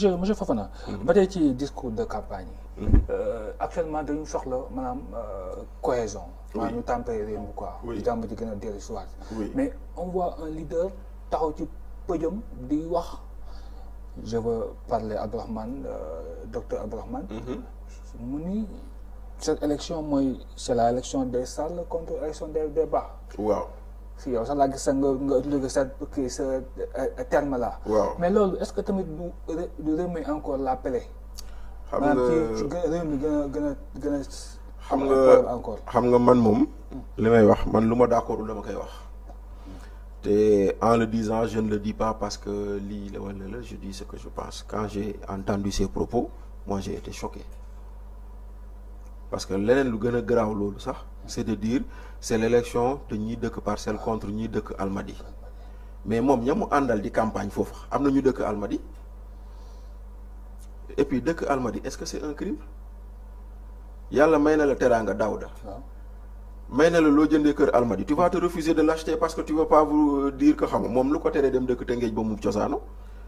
monsieur monsieur Fofana. ba tey ci discours de campagne mhm. euh, actuellement nous soxla maanaam euh, cohésion. maanaam ñu tempérer réew mi quoi. oui jàmm ji gën mais on voit un leader qui ci di wax je veux parler à euh, docteur Abdourahmane. Mhm. cette élection c'est la élection des salles contre l'élection des débats si yow sax la gis sax nga nga utilisé sa kii sa terme la. waaw mais loolu est-ce que tamit du remuer encore la plaie. xam nga ci réew mi gën a gën a gën a. xam nga encore xam nga man moom. li may wax man lu ma d'accordul dama koy wax. te en le disant je ne le dis pas parce que lii la wala la je dis ce que je pense quand j'ai entendu ses propos moi j'ai été choqué parce que l'un lu gën a c'est de dire c'est l'élection te ñiy dëkk parcelle contre ñiy dëkk Almadi mais moi, ña mu àndal di campagne Il faut que ñu dëkk Almadi et puis dëkk Almadi est-ce que c'est un crime Il yàlla may le la teraanga Daouda may na la loo de kër Almadi tu vas te refuser de l'acheter parce que tu veux pas vous dire que xam suis lu ko de dem dëkk choses. ba mu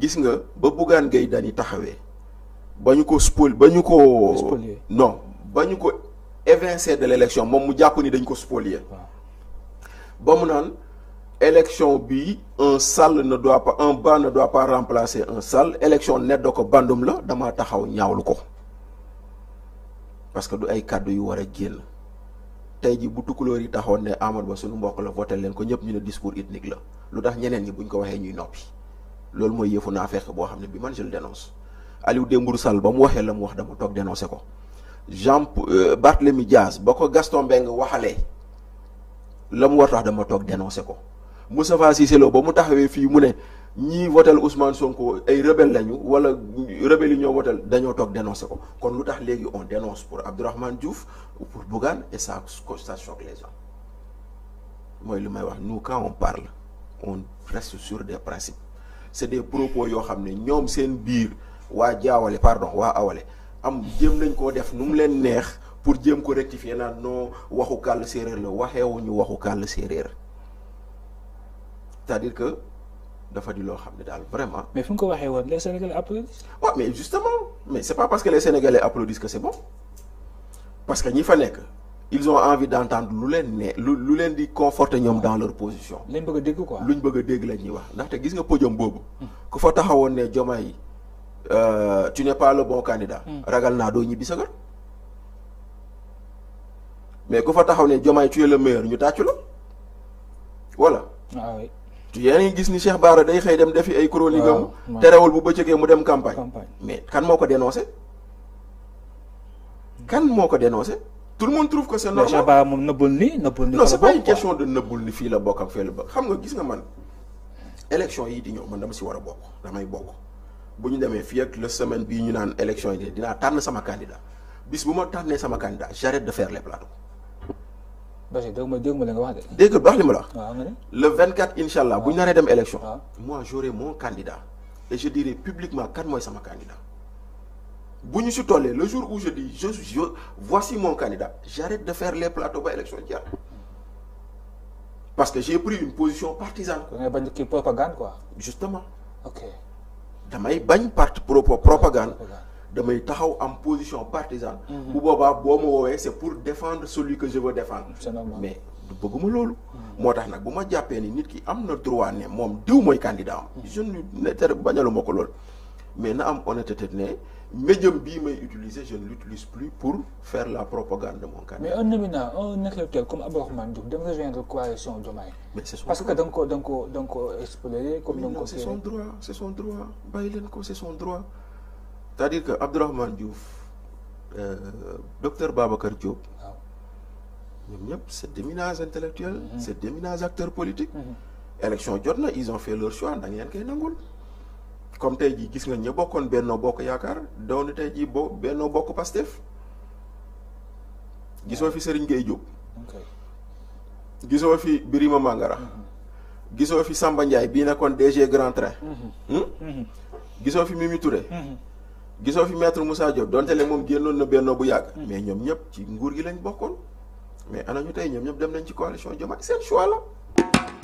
gis nga ba bugan gay dani taxawé bañu ko spoil bañu ko non bañu ko évincé de l'élection mom mu japp ni dañ ko spolier ba mu naan élection bi un sall ne doit pas un ban ne doit pas remplacer un sall élection net doko bandum la dama taxaw ñaawlu ko parce que du ay cadeau yu wara gel tay ji bu tukulor yi taxone Amadou Ba sunu mbokk la voté len ko ñep ñu discours ethnique la lutax ñeneen ñi buñ ko waxe ñuy nopi loolu moy yefuna affaire bo xamné bi je le dénonce Aliou Dembourou Sall ba mu wax dama dénoncé ko Jean euh, bartlemy Diaz Gaston beng waxalé lam war dama dénoncé ko Moustapha c'est Ousmane Sonko ay rebelle lañu wala rebelle votel dénoncé ko kon on dénonce pour Abdourahmane Diouf ou pour Bougane et ça ça choque les gens moy nous quand on parle on reste sur des principes c'est des propos yo xamné ñom ñoom seen biir wa jaawale pardon wa awale am jëm nañ ko def nu leen neex pour jëm ko rectifier na non waxu kàll séeréer waxé wuñu waxu kall séeréer c'est-à-dire que dafa di lo xamné dal vraiment. mais fu ko waxé won les sénégalais applaudissent. ouais mais justement mais c'est pas parce que les sénégalais applaudissent que c'est bon parce que ñi fa nek ils ont envie d'entendre entendre lu leen ne lu lu di conforter dans leur position. lañ bëgg dégg quoi luñ bëgg dégg la ñi wax ndaxte gis nga podium bobu ku fa taxawoon jomay Diomaye euh, tu n'es pas le bon candidat. Hmm. ragal na do ñibbi sa mais ku fa taxaw né jomay tu es le meilleur ñu tàccu la voilà. ah oui. yéen a ngi gis ni Cheikh Bara day xëy dem defi ay chronique am. terewul bu bëccëgee mu dem campagne. mais kan moo ko dénoncé. kan moo ko dénoncé tout le monde trouve que c'est normal pas une question de ne pas faire la ak la xam nga gis nga élection yi di si vous a damay semaine élection candidat candidat j'arrête de faire les plateaux. le 24 Inch'Allah, si vous avez moi j'aurai mon candidat et je dirai publiquement kan moi sama candidat. Bougnou sur si le jour où je dis je je voici mon candidat j'arrête de faire les plateaux pour élection jeex parce que j'ai pris une position partisane. da ngay bañ propagande quoi. justement. ok damay bañ parti propagande. damay taxaw am position partisane. Mhm. bu boobaa boo ma c'est pour défendre celui que je veux défendre. mais du bëgguma loolu. Mhm. moo tax nag bu ma jàppee ni nit ki am droit ne moom diw mooy candidat mhm. je ne bañaluma ko loolu mais na am honnêteté ne médium bi may je ne l'utilise plus pour faire la propagande de mon candidat. mais un éminent un intellectuel comme Abdourahmane Diouf je rejoindre coalition Diomaye. mais c'est parce que c'est son droit. Parce comme c'est son droit c'est son droit c'est son droit c'est-à-dire que Abdourahmane Diouf euh, docteur Babacar Diop. c'est des minages intellectuels. Mm-hmm. c'est des minages acteurs politiques. Mm-hmm. élection jot ils ont fait leur choix nangul. comme tey jii gis nga ña bokkoon Benno Bokk Yaakaar doon tey jii bo Benno Bokk Pastef gisoo fi Serigne Gueye Diop gisoo fi Birima Mangara mhm. gisoo fi Samba Ndiaye bii nekkoon DG Grand Train mhm. Hmm? Mhm. gisoo fi Mimi Touré gisoo fi metre Moussa Diop donte le moom génnoon na Benno bu yàgg mais ñoom ñëpp ci nguur gi lañ bokkoon mais ana ñu tey ñoom ñëpp dem nañ ci coalition Diomaye seen choix la